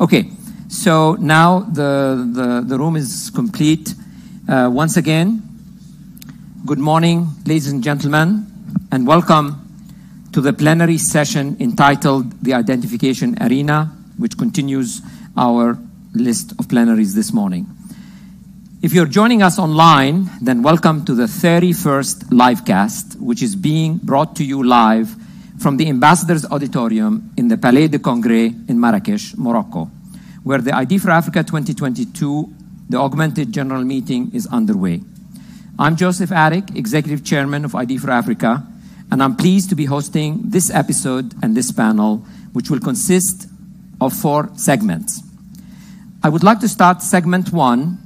Okay, so now the, the, the room is complete. Uh, once again, good morning, ladies and gentlemen, and welcome to the plenary session entitled The Identification Arena, which continues our list of plenaries this morning. If you're joining us online, then welcome to the 31st livecast, which is being brought to you live from the Ambassador's Auditorium in the Palais de Congrès in Marrakesh, Morocco, where the ID for Africa 2022, the augmented general meeting, is underway. I'm Joseph Attic, Executive Chairman of ID for Africa, and I'm pleased to be hosting this episode and this panel, which will consist of four segments. I would like to start segment one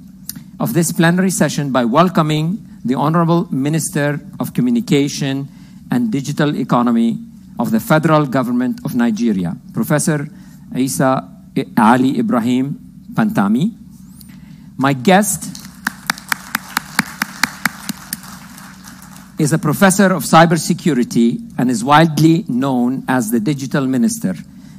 of this plenary session by welcoming the Honorable Minister of Communication and Digital Economy, of the Federal Government of Nigeria, Professor Isa Ali Ibrahim Pantami. My guest is a professor of cybersecurity and is widely known as the digital minister.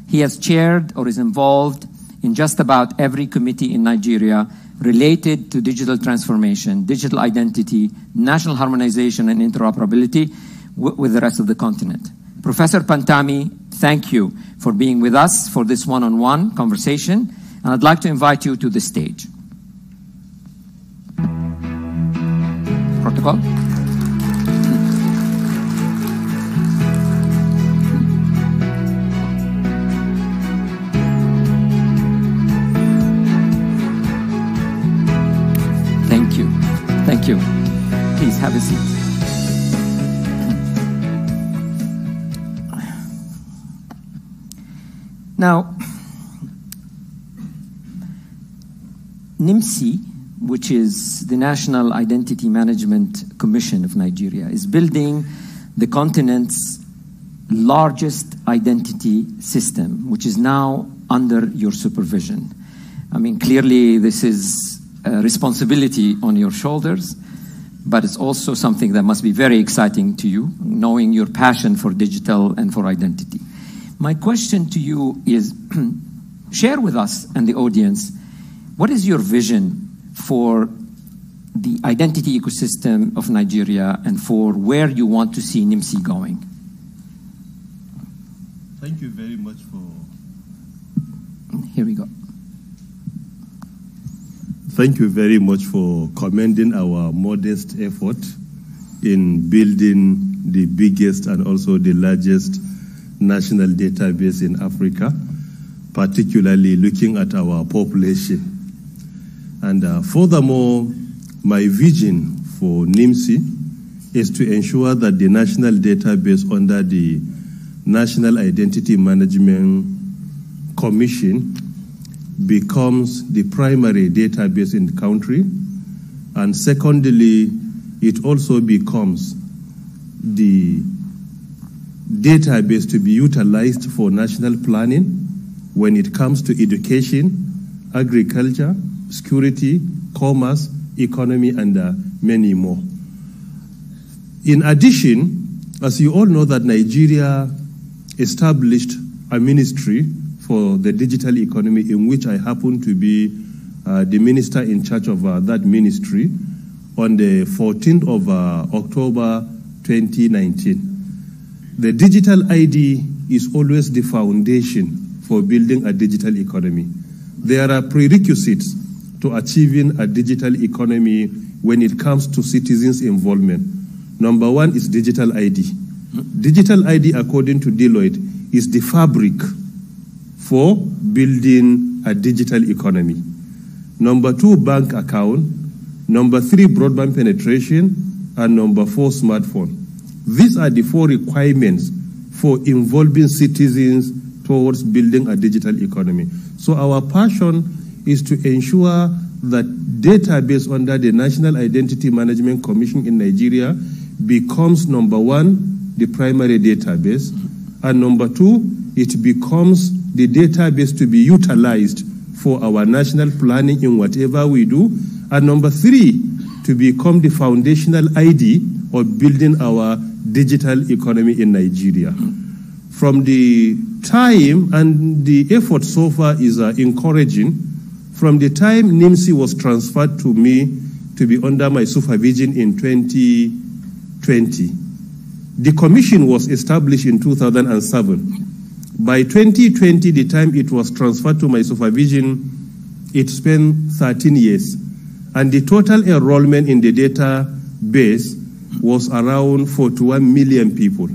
He has chaired or is involved in just about every committee in Nigeria related to digital transformation, digital identity, national harmonization, and interoperability with the rest of the continent. Professor Pantami, thank you for being with us for this one on one conversation, and I'd like to invite you to the stage. Protocol. Thank you. Thank you. Please have a seat. Now, NIMSI, which is the National Identity Management Commission of Nigeria, is building the continent's largest identity system, which is now under your supervision. I mean, clearly, this is a responsibility on your shoulders, but it's also something that must be very exciting to you, knowing your passion for digital and for identity. My question to you is share with us and the audience what is your vision for the identity ecosystem of Nigeria and for where you want to see NIMSI going? Thank you very much for. Here we go. Thank you very much for commending our modest effort in building the biggest and also the largest national database in Africa, particularly looking at our population. And uh, furthermore, my vision for NIMSI is to ensure that the national database under the National Identity Management Commission becomes the primary database in the country. And secondly, it also becomes the database to be utilized for national planning when it comes to education, agriculture, security, commerce, economy, and uh, many more. In addition, as you all know that Nigeria established a ministry for the digital economy in which I happen to be uh, the minister in charge of uh, that ministry on the 14th of uh, October 2019. The digital ID is always the foundation for building a digital economy. There are prerequisites to achieving a digital economy when it comes to citizens' involvement. Number one is digital ID. Digital ID, according to Deloitte, is the fabric for building a digital economy. Number two, bank account. Number three, broadband penetration. And number four, smartphone. These are the four requirements for involving citizens towards building a digital economy. So our passion is to ensure that database under the National Identity Management Commission in Nigeria becomes number one, the primary database, and number two, it becomes the database to be utilized for our national planning in whatever we do, and number three, to become the foundational ID of building our digital economy in Nigeria. From the time, and the effort so far is uh, encouraging, from the time NIMSI was transferred to me to be under my supervision in 2020, the commission was established in 2007. By 2020, the time it was transferred to my supervision, it spent 13 years. And the total enrollment in the database was around 41 million people.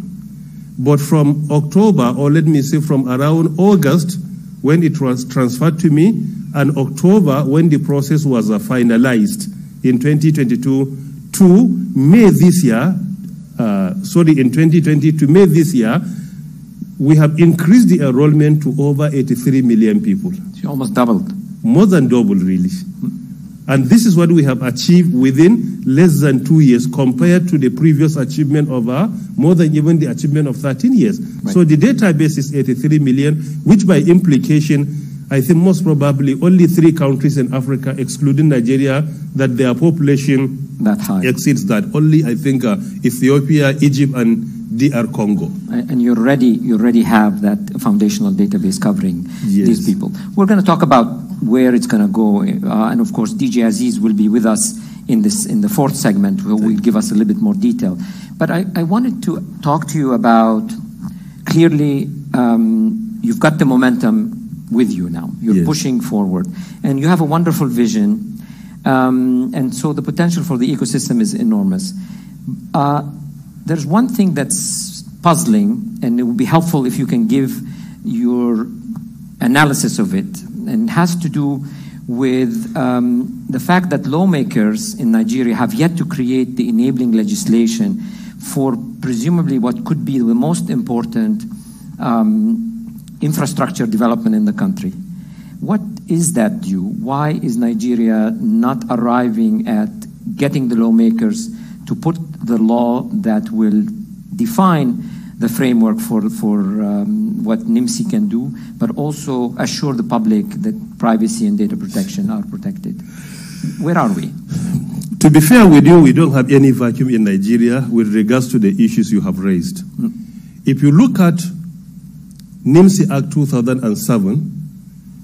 But from October, or let me say from around August, when it was transferred to me, and October, when the process was uh, finalized in 2022, to May this year, uh, sorry, in 2020 to May this year, we have increased the enrollment to over 83 million people. She almost doubled. More than double, really. Hmm. And this is what we have achieved within less than two years compared to the previous achievement of uh, more than even the achievement of 13 years. Right. So the database is 83 million, which by implication I think most probably only three countries in Africa, excluding Nigeria, that their population that exceeds that. Only, I think, uh, Ethiopia, Egypt, and DR Congo. Uh, and you already, you already have that foundational database covering yes. these people. We're going to talk about where it's going to go. Uh, and of course, DJ Aziz will be with us in, this, in the fourth segment, who will give us a little bit more detail. But I, I wanted to talk to you about clearly um, you've got the momentum with you now. You're yes. pushing forward. And you have a wonderful vision. Um, and so the potential for the ecosystem is enormous. Uh, there's one thing that's puzzling, and it would be helpful if you can give your analysis of it, and it has to do with um, the fact that lawmakers in Nigeria have yet to create the enabling legislation for presumably what could be the most important um, infrastructure development in the country. What is that due? Why is Nigeria not arriving at getting the lawmakers to put the law that will define the framework for, for um, what NIMSI can do, but also assure the public that privacy and data protection are protected. Where are we? To be fair with you, we don't have any vacuum in Nigeria with regards to the issues you have raised. Mm. If you look at NIMSI Act 2007,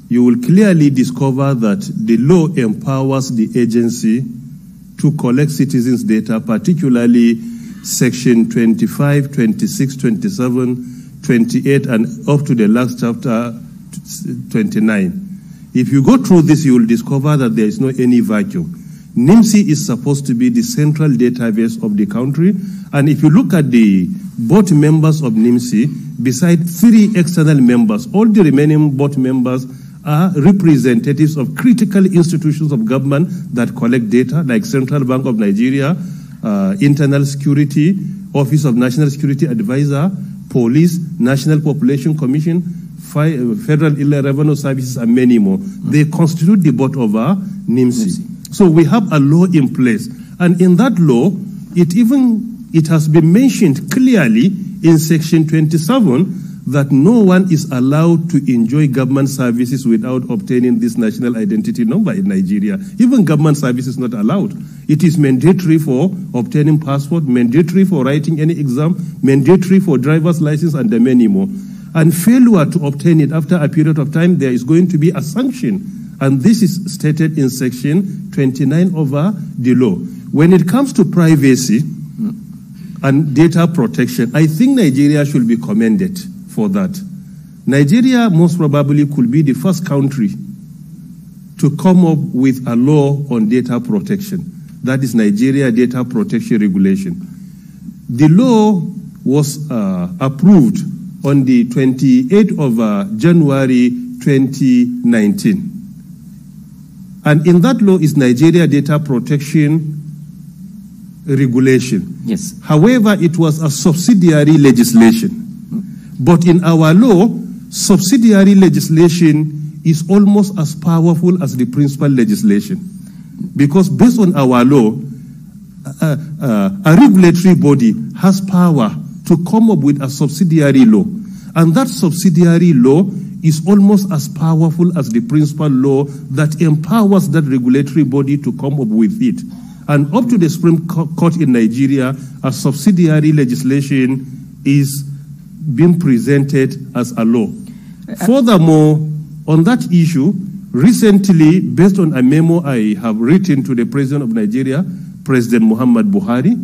you will clearly discover that the law empowers the agency to collect citizens' data, particularly section 25, 26, 27, 28, and up to the last chapter 29. If you go through this, you will discover that there is no any vacuum. NIMSI is supposed to be the central database of the country. And if you look at the board members of NIMSI, beside three external members, all the remaining board members are representatives of critical institutions of government that collect data, like Central Bank of Nigeria, uh, Internal Security, Office of National Security Advisor, Police, National Population Commission, uh, Federal Illegal Revenue Services, and many more. They constitute the board over NIMSI. So we have a law in place. And in that law, it even it has been mentioned clearly in section 27 that no one is allowed to enjoy government services without obtaining this national identity number in Nigeria. Even government service is not allowed. It is mandatory for obtaining passport, mandatory for writing any exam, mandatory for driver's license, and many more. And failure to obtain it after a period of time, there is going to be a sanction. And this is stated in section 29 of the law. When it comes to privacy and data protection, I think Nigeria should be commended for that. Nigeria most probably could be the first country to come up with a law on data protection. That is Nigeria Data Protection Regulation. The law was uh, approved on the 28th of uh, January 2019. And in that law is Nigeria Data Protection Regulation. Yes. However, it was a subsidiary legislation. But in our law, subsidiary legislation is almost as powerful as the principal legislation. Because based on our law, uh, uh, a regulatory body has power to come up with a subsidiary law. And that subsidiary law is almost as powerful as the principal law that empowers that regulatory body to come up with it. And up to the Supreme Court in Nigeria, a subsidiary legislation is been presented as a law. Furthermore, on that issue, recently, based on a memo I have written to the President of Nigeria, President Muhammad Buhari,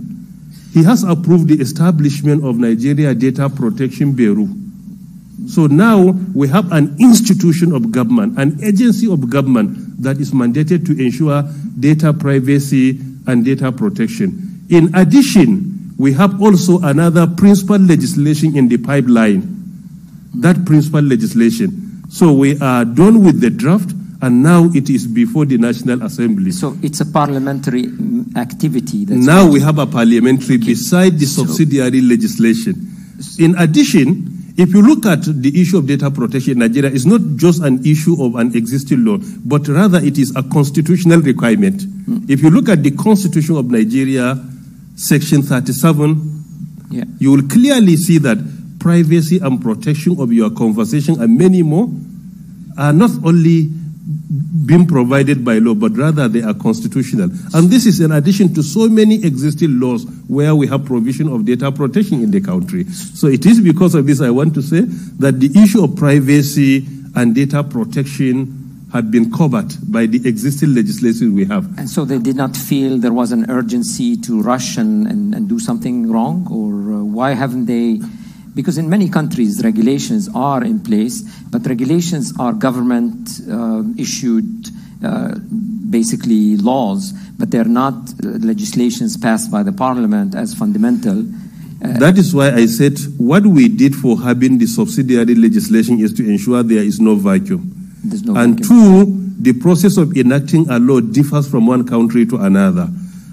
he has approved the establishment of Nigeria Data Protection Bureau. So now we have an institution of government, an agency of government that is mandated to ensure data privacy and data protection. In addition, we have also another principal legislation in the pipeline. That principal legislation. So we are done with the draft and now it is before the National Assembly. So it's a parliamentary activity. now we have a parliamentary okay. beside the subsidiary so, legislation. In addition, if you look at the issue of data protection in Nigeria, it's not just an issue of an existing law, but rather it is a constitutional requirement. Mm. If you look at the constitution of Nigeria, Section 37, yeah. you will clearly see that privacy and protection of your conversation and many more are not only being provided by law, but rather they are constitutional. And this is in addition to so many existing laws where we have provision of data protection in the country. So it is because of this I want to say that the issue of privacy and data protection had been covered by the existing legislation we have. And so they did not feel there was an urgency to rush and, and, and do something wrong? Or uh, why haven't they? Because in many countries, regulations are in place, but regulations are government uh, issued. Uh, basically laws, but they're not uh, legislations passed by the parliament as fundamental. Uh, that is why I said what we did for having the subsidiary legislation is to ensure there is no vacuum. No and two, the process of enacting a law differs from one country to another.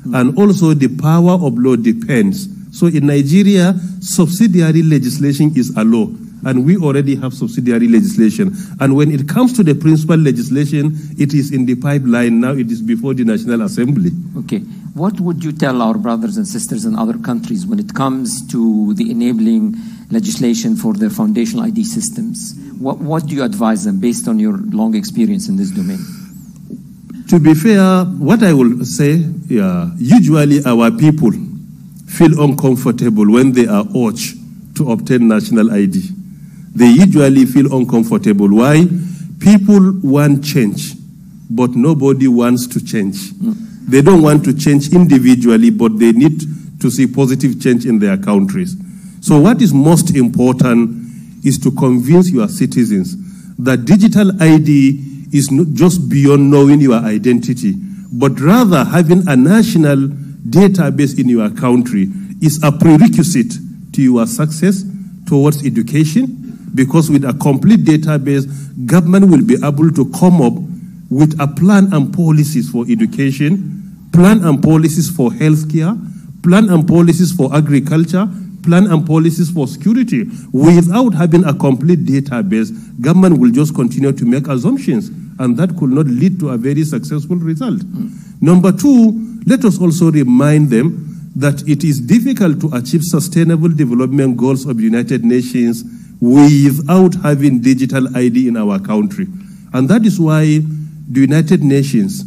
Mm. And also, the power of law depends. So in Nigeria, subsidiary legislation is a law. And we already have subsidiary legislation. And when it comes to the principal legislation, it is in the pipeline. Now it is before the National Assembly. Okay. What would you tell our brothers and sisters in other countries when it comes to the enabling? legislation for their foundational ID systems. What, what do you advise them based on your long experience in this domain? To be fair, what I will say, yeah, usually our people feel uncomfortable when they are urged to obtain national ID. They usually feel uncomfortable. Why? People want change, but nobody wants to change. Mm. They don't want to change individually, but they need to see positive change in their countries. So what is most important is to convince your citizens that digital ID is not just beyond knowing your identity, but rather having a national database in your country is a prerequisite to your success towards education, because with a complete database, government will be able to come up with a plan and policies for education, plan and policies for healthcare, plan and policies for agriculture, plan and policies for security. Without having a complete database, government will just continue to make assumptions, and that could not lead to a very successful result. Mm. Number two, let us also remind them that it is difficult to achieve sustainable development goals of the United Nations without having digital ID in our country. And that is why the United Nations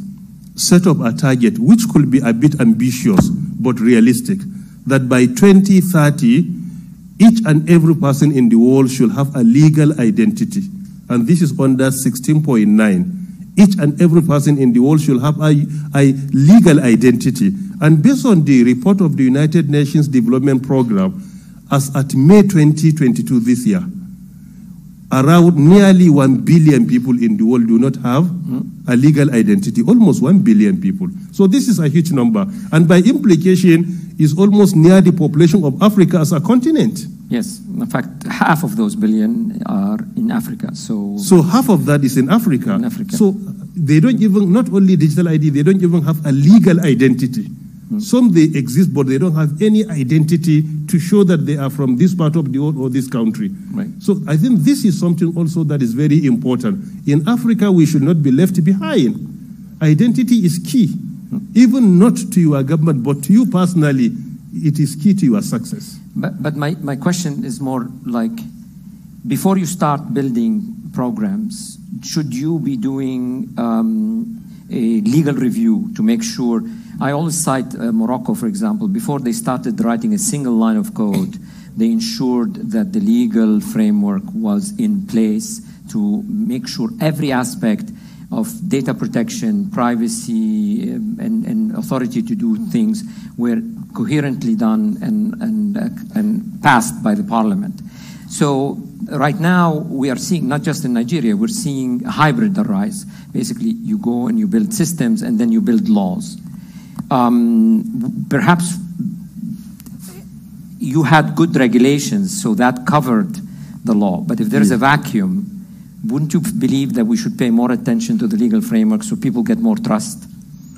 set up a target which could be a bit ambitious but realistic that by 2030, each and every person in the world should have a legal identity. And this is under 16.9. Each and every person in the world should have a, a legal identity. And based on the report of the United Nations Development Programme, as at May 2022 this year, around nearly 1 billion people in the world do not have a legal identity, almost 1 billion people. So this is a huge number. And by implication, is almost near the population of Africa as a continent. Yes, in fact, half of those billion are in Africa. So, so half of that is in Africa. In Africa. So they don't even, not only digital ID, they don't even have a legal identity. Mm Some they exist, but they don't have any identity to show that they are from this part of the world or this country. Right. So I think this is something also that is very important. In Africa, we should not be left behind. Identity is key even not to your government, but to you personally, it is key to your success. But, but my, my question is more like before you start building programs, should you be doing um, a legal review to make sure? I always cite uh, Morocco, for example, before they started writing a single line of code, they ensured that the legal framework was in place to make sure every aspect of data protection, privacy, um, and, and authority to do things were coherently done and, and, uh, and passed by the parliament. So right now we are seeing, not just in Nigeria, we're seeing a hybrid arise. Basically, you go and you build systems and then you build laws. Um, perhaps you had good regulations, so that covered the law. But if there's a vacuum, wouldn't you believe that we should pay more attention to the legal framework so people get more trust?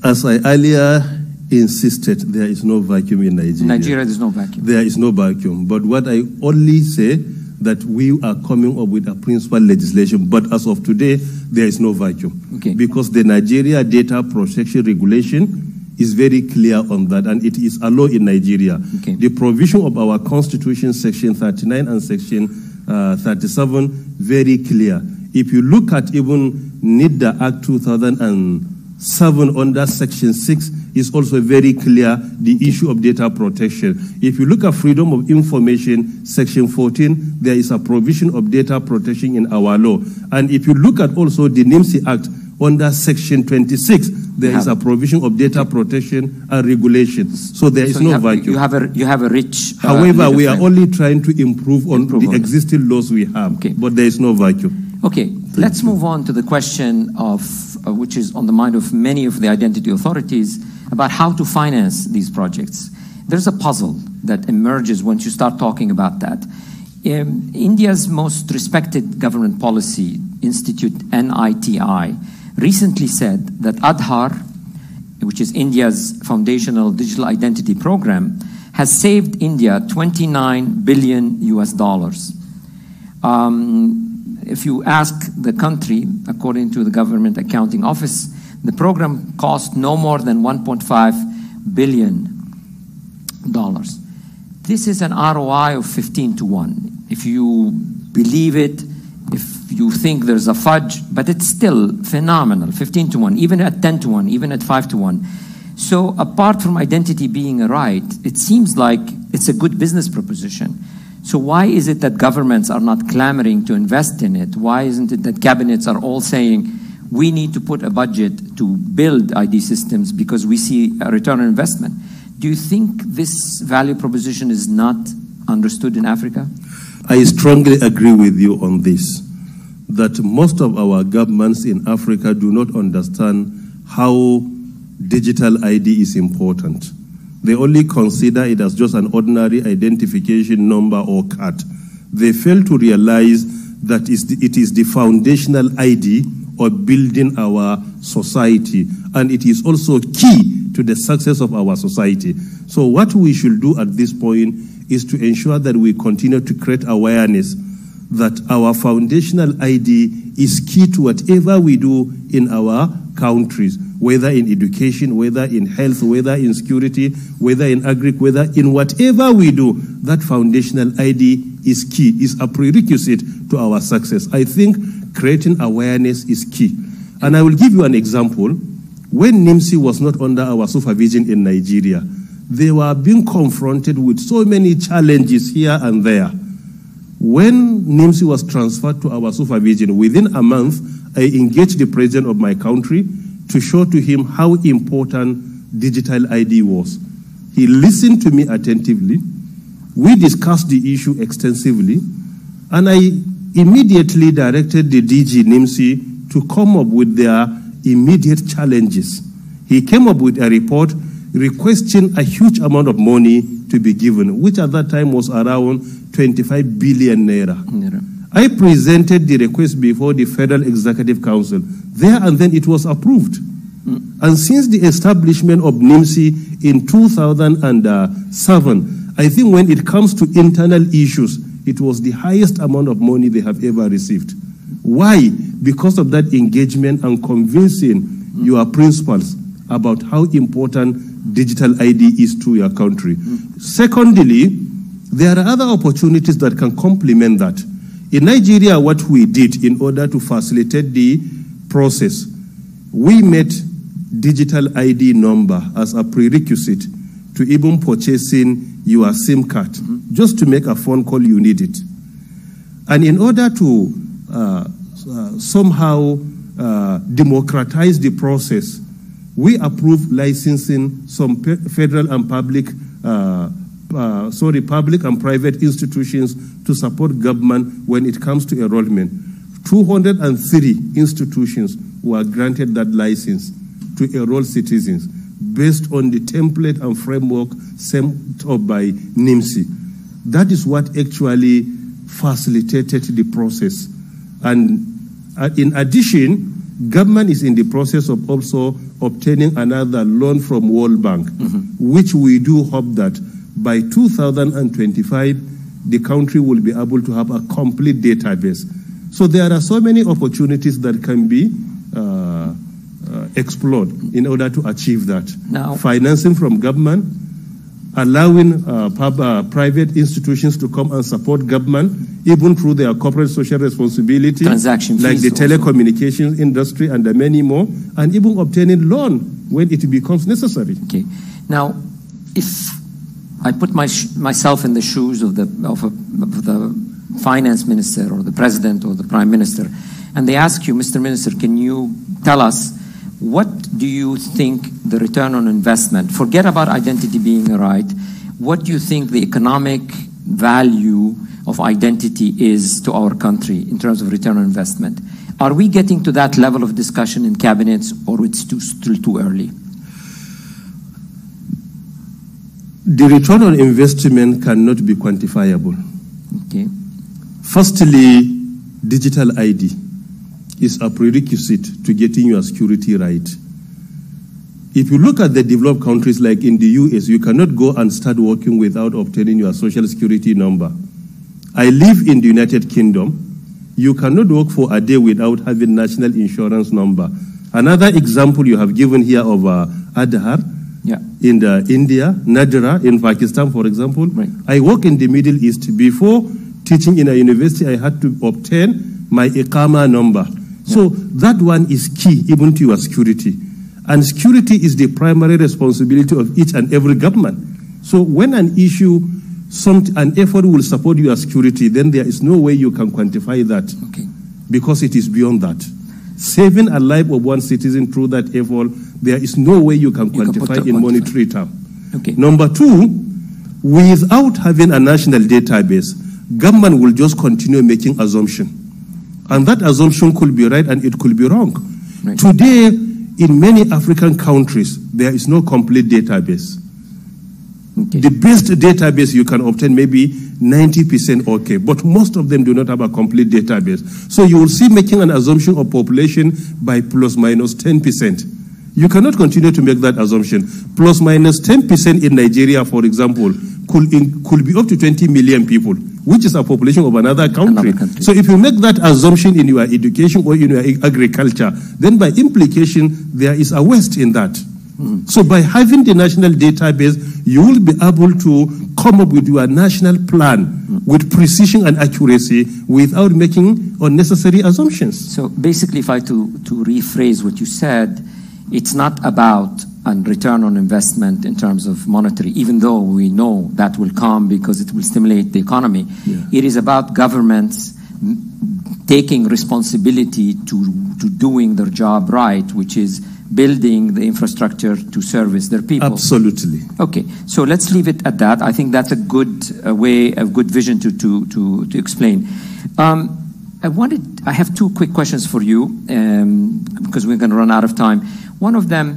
As I earlier insisted, there is no vacuum in Nigeria. Nigeria, there's no vacuum. There is no vacuum. But what I only say that we are coming up with a principal legislation, but as of today, there is no vacuum. Okay. Because the Nigeria Data Protection Regulation is very clear on that, and it is a law in Nigeria. Okay. The provision of our Constitution, Section 39 and Section uh, 37 very clear. If you look at even NIDA Act 2007 under Section 6 is also very clear the issue of data protection. If you look at Freedom of Information, Section 14, there is a provision of data protection in our law. And if you look at also the NIMSI Act, under Section 26, there is a provision of data protection and regulations. So there is so no you have, vacuum. You have a, you have a rich. Uh, However, we are only trying to improve on improve the on existing it. laws we have, okay. but there is no vacuum. Okay, Thank let's you. move on to the question of uh, which is on the mind of many of the identity authorities about how to finance these projects. There's a puzzle that emerges once you start talking about that. Um, India's most respected government policy institute, NITI, recently said that Aadhaar, which is India's foundational digital identity program, has saved India 29 billion US dollars. Um, if you ask the country, according to the government accounting office, the program cost no more than 1.5 billion dollars. This is an ROI of 15 to 1. If you believe it, you think there's a fudge, but it's still phenomenal 15 to 1, even at 10 to 1, even at 5 to 1. So, apart from identity being a right, it seems like it's a good business proposition. So, why is it that governments are not clamoring to invest in it? Why isn't it that cabinets are all saying, we need to put a budget to build ID systems because we see a return on investment? Do you think this value proposition is not understood in Africa? I strongly agree with you on this that most of our governments in Africa do not understand how digital ID is important. They only consider it as just an ordinary identification number or card. They fail to realize that it is the foundational ID of building our society, and it is also key to the success of our society. So what we should do at this point is to ensure that we continue to create awareness that our foundational ID is key to whatever we do in our countries, whether in education, whether in health, whether in security, whether in agri, whether in whatever we do, that foundational ID is key, is a prerequisite to our success. I think creating awareness is key. And I will give you an example. When NIMSI was not under our supervision in Nigeria, they were being confronted with so many challenges here and there. When NIMSI was transferred to our supervision, within a month, I engaged the president of my country to show to him how important digital ID was. He listened to me attentively. We discussed the issue extensively, and I immediately directed the DG NIMSI to come up with their immediate challenges. He came up with a report requesting a huge amount of money to be given, which at that time was around 25 billion naira. naira. I presented the request before the Federal Executive Council. There and then it was approved. Mm. And since the establishment of NIMSI in 2007, I think when it comes to internal issues, it was the highest amount of money they have ever received. Why? Because of that engagement and convincing mm. your principals about how important digital ID is to your country. Mm. Secondly, there are other opportunities that can complement that. In Nigeria, what we did in order to facilitate the process, we made digital ID number as a prerequisite to even purchasing your SIM card. Mm-hmm. Just to make a phone call, you need it. And in order to uh, uh, somehow uh, democratize the process, we approved licensing some pe- federal and public uh, uh, sorry, public and private institutions to support government when it comes to enrollment. 203 institutions were granted that license to enroll citizens based on the template and framework sent up by NIMSI. That is what actually facilitated the process. And uh, in addition, government is in the process of also obtaining another loan from World Bank, mm -hmm. which we do hope that by 2025, the country will be able to have a complete database. So there are so many opportunities that can be uh, uh, explored in order to achieve that. Now, Financing from government, allowing uh, pub, uh, private institutions to come and support government, even through their corporate social responsibility, transaction like the telecommunications also. industry and many more, and even obtaining loan when it becomes necessary. Okay. Now, if I put my myself in the shoes of the, of, a, of the finance minister or the president or the prime minister, and they ask you, Mr. Minister, can you tell us what do you think the return on investment, forget about identity being a right, what do you think the economic value of identity is to our country in terms of return on investment? Are we getting to that level of discussion in cabinets or it's too, still too early? The return on investment cannot be quantifiable. Okay. Firstly, digital ID is a prerequisite to getting your security right. If you look at the developed countries like in the US, you cannot go and start working without obtaining your social security number. I live in the United Kingdom. You cannot work for a day without having national insurance number. Another example you have given here of uh, yeah. in the India, Nadra in Pakistan, for example. Right. I work in the Middle East. Before teaching in a university, I had to obtain my Ikama number. Yeah. So that one is key even to your security. And security is the primary responsibility of each and every government. So when an issue, some, an effort will support your security, then there is no way you can quantify that okay. because it is beyond that. Saving a life of one citizen through that effort there is no way you can you quantify can in quantify. monetary term. Okay. Number two, without having a national database, government will just continue making assumption. And that assumption could be right and it could be wrong. Right. Today, in many African countries, there is no complete database. Okay. The best database you can obtain maybe 90% okay, but most of them do not have a complete database. So you will see making an assumption of population by plus minus 10%. You cannot continue to make that assumption. Plus minus 10% in Nigeria, for example, could, in, could be up to 20 million people, which is a population of another country. another country. So if you make that assumption in your education or in your agriculture, then by implication, there is a waste in that. Mm. So by having the national database, you will be able to come up with your national plan mm. with precision and accuracy without making unnecessary assumptions. So basically, if I to, to rephrase what you said, it's not about a return on investment in terms of monetary, even though we know that will come because it will stimulate the economy. Yeah. It is about governments taking responsibility to, to doing their job right, which is building the infrastructure to service their people. Absolutely. Okay, so let's leave it at that. I think that's a good way, a good vision to, to, to, explain. Um, I wanted, I have two quick questions for you um, because we're going to run out of time. One of them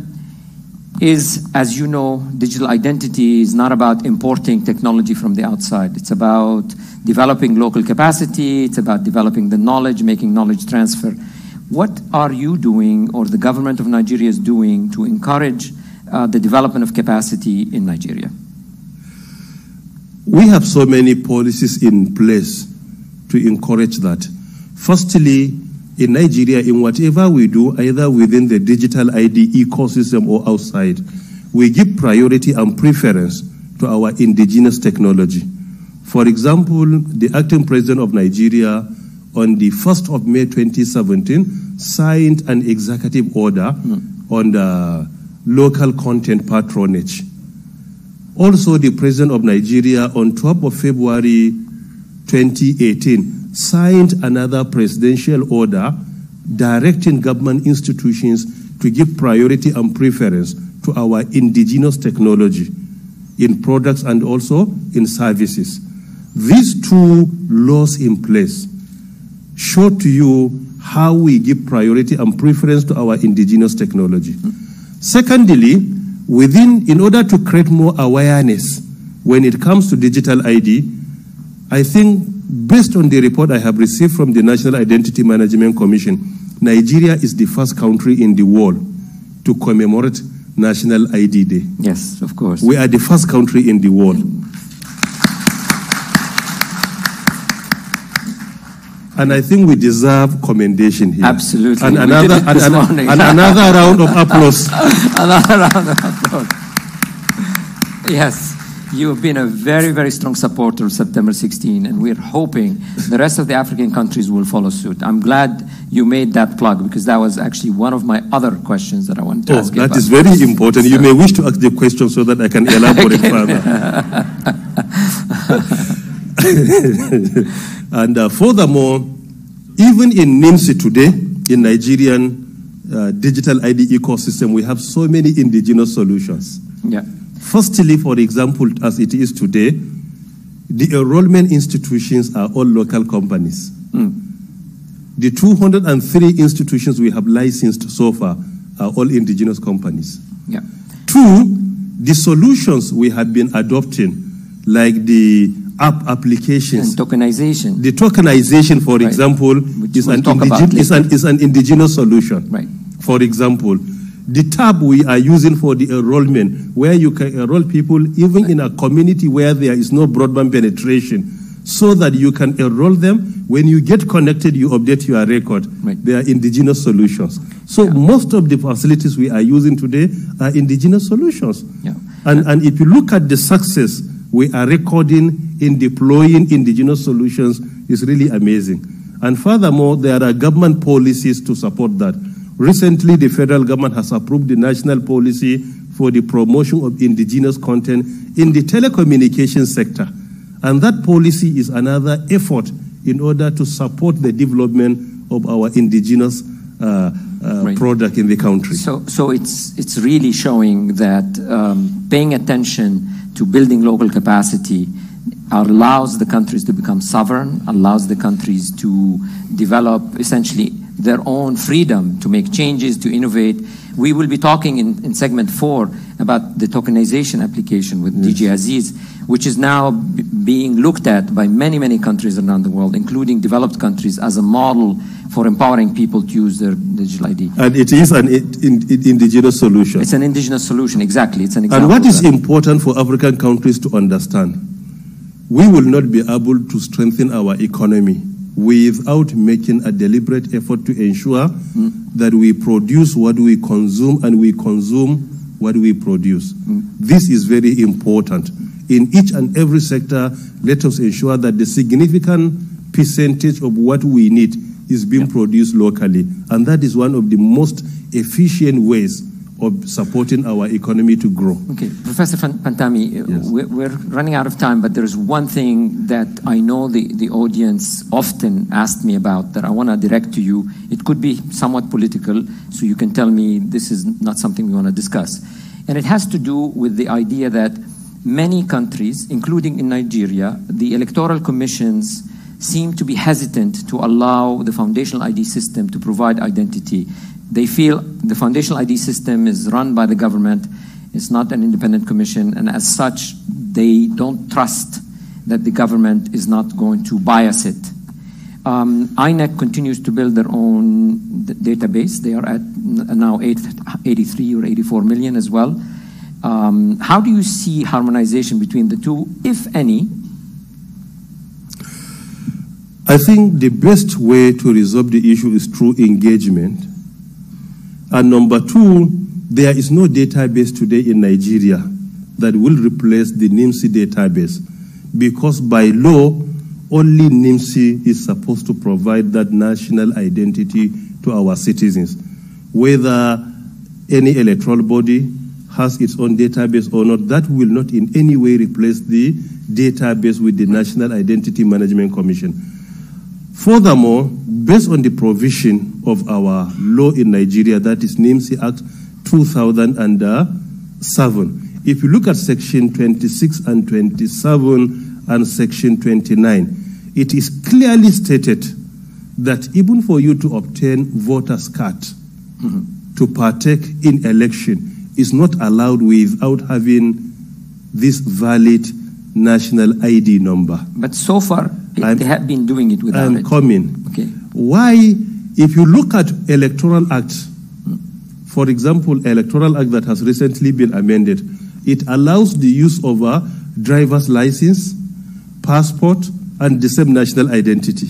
is, as you know, digital identity is not about importing technology from the outside. It's about developing local capacity, it's about developing the knowledge, making knowledge transfer. What are you doing, or the government of Nigeria is doing, to encourage uh, the development of capacity in Nigeria? We have so many policies in place to encourage that. Firstly, in Nigeria, in whatever we do, either within the digital ID ecosystem or outside, we give priority and preference to our indigenous technology. For example, the acting president of Nigeria on the 1st of May 2017 signed an executive order mm. on the local content patronage. Also, the president of Nigeria on 12th of February 2018 signed another presidential order directing government institutions to give priority and preference to our indigenous technology in products and also in services. These two laws in place show to you how we give priority and preference to our indigenous technology. Secondly, within, in order to create more awareness when it comes to digital ID, I think Based on the report I have received from the National Identity Management Commission, Nigeria is the first country in the world to commemorate National ID Day. Yes, of course. We are the first country in the world. And I think we deserve commendation here. Absolutely. And, another, and, and, and another round of applause. another round of applause. Yes. You have been a very, very strong supporter of September 16, and we're hoping the rest of the African countries will follow suit. I'm glad you made that plug because that was actually one of my other questions that I wanted to oh, ask. That about. is very important. So, you may wish to ask the question so that I can elaborate I can. further. and uh, furthermore, even in NIMSI today, in Nigerian uh, digital ID ecosystem, we have so many indigenous solutions. Yeah. Firstly, for example, as it is today, the enrollment institutions are all local companies. Mm. The 203 institutions we have licensed so far are all indigenous companies. Yeah. Two, the solutions we have been adopting, like the app applications. And tokenization. The tokenization, for right. example, is we'll an, is, an, is an indigenous solution. Right. For example, the tab we are using for the enrollment, where you can enroll people even in a community where there is no broadband penetration, so that you can enroll them. When you get connected, you update your record. Right. They are indigenous solutions. So yeah. most of the facilities we are using today are indigenous solutions. Yeah. And, and if you look at the success we are recording in deploying indigenous solutions, is really amazing. And furthermore, there are government policies to support that. Recently, the federal government has approved the national policy for the promotion of indigenous content in the telecommunications sector. And that policy is another effort in order to support the development of our indigenous uh, uh, right. product in the country. So, so it's, it's really showing that um, paying attention to building local capacity allows the countries to become sovereign, allows the countries to develop essentially their own freedom to make changes, to innovate. We will be talking in, in segment four about the tokenization application with yes. DG Aziz, which is now being looked at by many, many countries around the world, including developed countries, as a model for empowering people to use their digital ID. And it is an it, in, it, indigenous solution. It's an indigenous solution, exactly. It's an example. And what is important for African countries to understand? We will not be able to strengthen our economy without making a deliberate effort to ensure mm. that we produce what we consume and we consume what we produce. Mm. This is very important. In each and every sector, let us ensure that the significant percentage of what we need is being produced locally. And that is one of the most efficient ways of supporting our economy to grow. Okay, Professor Pantami, uh, yes. we're, we're, running out of time, but there's one thing that I know the, the audience often asked me about that I want to direct to you. It could be somewhat political, so you can tell me this is not something we want to discuss. And it has to do with the idea that many countries, including in Nigeria, the electoral commissions seem to be hesitant to allow the foundational ID system to provide identity. They feel the foundational ID system is run by the government, it's not an independent commission, and as such, they don't trust that the government is not going to bias it. Um, INEC continues to build their own database. They are at now eight, 83 or 84 million as well. Um, how do you see harmonization between the two, if any, I think the best way to resolve the issue is through engagement. And number two, there is no database today in Nigeria that will replace the NIMSI database because by law, only NIMSI is supposed to provide that national identity to our citizens. Whether any electoral body has its own database or not, that will not in any way replace the database with the National Identity Management Commission. Furthermore, based on the provision of our law in Nigeria, that is NIMSI Act 2007, if you look at section 26 and 27 and section 29, it is clearly stated that even for you to obtain voter's card mm -hmm. to partake in election is not allowed without having this valid national ID number. But so far, they, they have been doing it without it. coming. Okay. Why, if you look at Electoral Act, for example, Electoral Act that has recently been amended, it allows the use of a driver's license, passport, and the same national identity.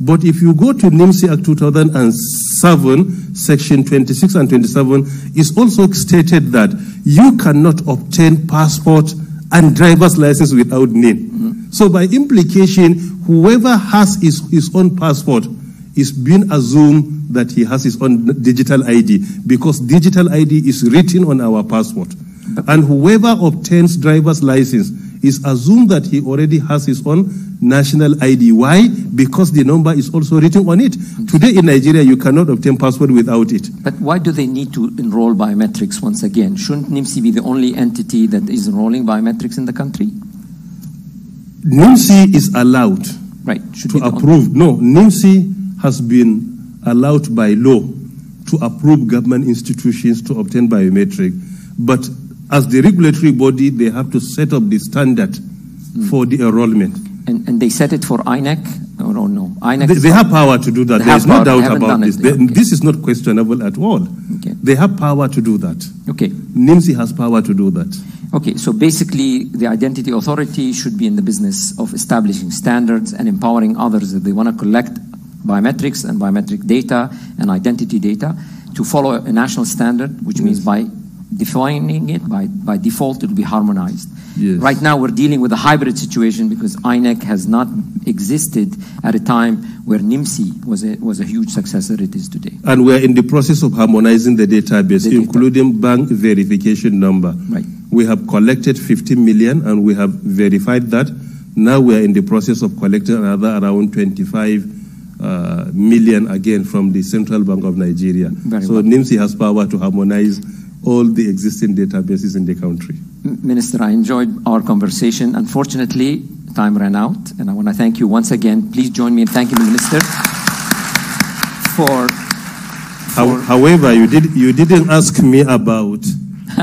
But if you go to NIMSI Act 2007, Section 26 and 27, it's also stated that you cannot obtain passport and driver's license without name. Mm-hmm. So by implication, whoever has his, his own passport is being assumed that he has his own digital ID because digital ID is written on our passport. And whoever obtains driver's license is assumed that he already has his own national ID. Why? Because the number is also written on it. Today in Nigeria, you cannot obtain passport without it. But why do they need to enroll biometrics once again? Shouldn't NIMSI be the only entity that is enrolling biometrics in the country? NIMSI is allowed right, to approve. No, NIMSI has been allowed by law to approve government institutions to obtain biometric. But as the regulatory body, they have to set up the standard mm. for the enrollment. And, and, they set it for INEC or no, no? INEC they, they have power to do that. There is no doubt about this. They, okay. This is not questionable at all. Okay. They have power to do that. Okay. NIMSI has power to do that. Okay, so basically the identity authority should be in the business of establishing standards and empowering others that they want to collect biometrics and biometric data and identity data to follow a national standard, which yes. means by defining it by, by default it will be harmonized yes. right now we're dealing with a hybrid situation because INEC has not existed at a time where NIMSI was a, was a huge success that it is today and we're in the process of harmonizing the database the including data. bank verification number right we have collected 50 million and we have verified that now we are in the process of collecting another around 25 uh, million again from the Central Bank of Nigeria. Very so well. NIMSI has power to harmonize all the existing databases in the country. Minister, I enjoyed our conversation. Unfortunately, time ran out, and I want to thank you once again. Please join me in thanking the Minister for. for However, you, did, you didn't ask me about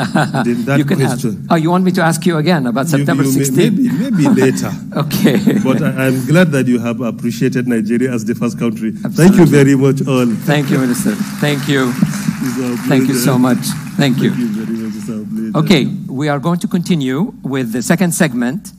you can question. Oh, you want me to ask you again about September 16th? Maybe, maybe later. okay. But I, am glad that you have appreciated Nigeria as the first country. Absolutely. Thank you very much, all. Thank you, Minister. Thank you. Thank you so much. Thank you. Okay, we are going to continue with the second segment.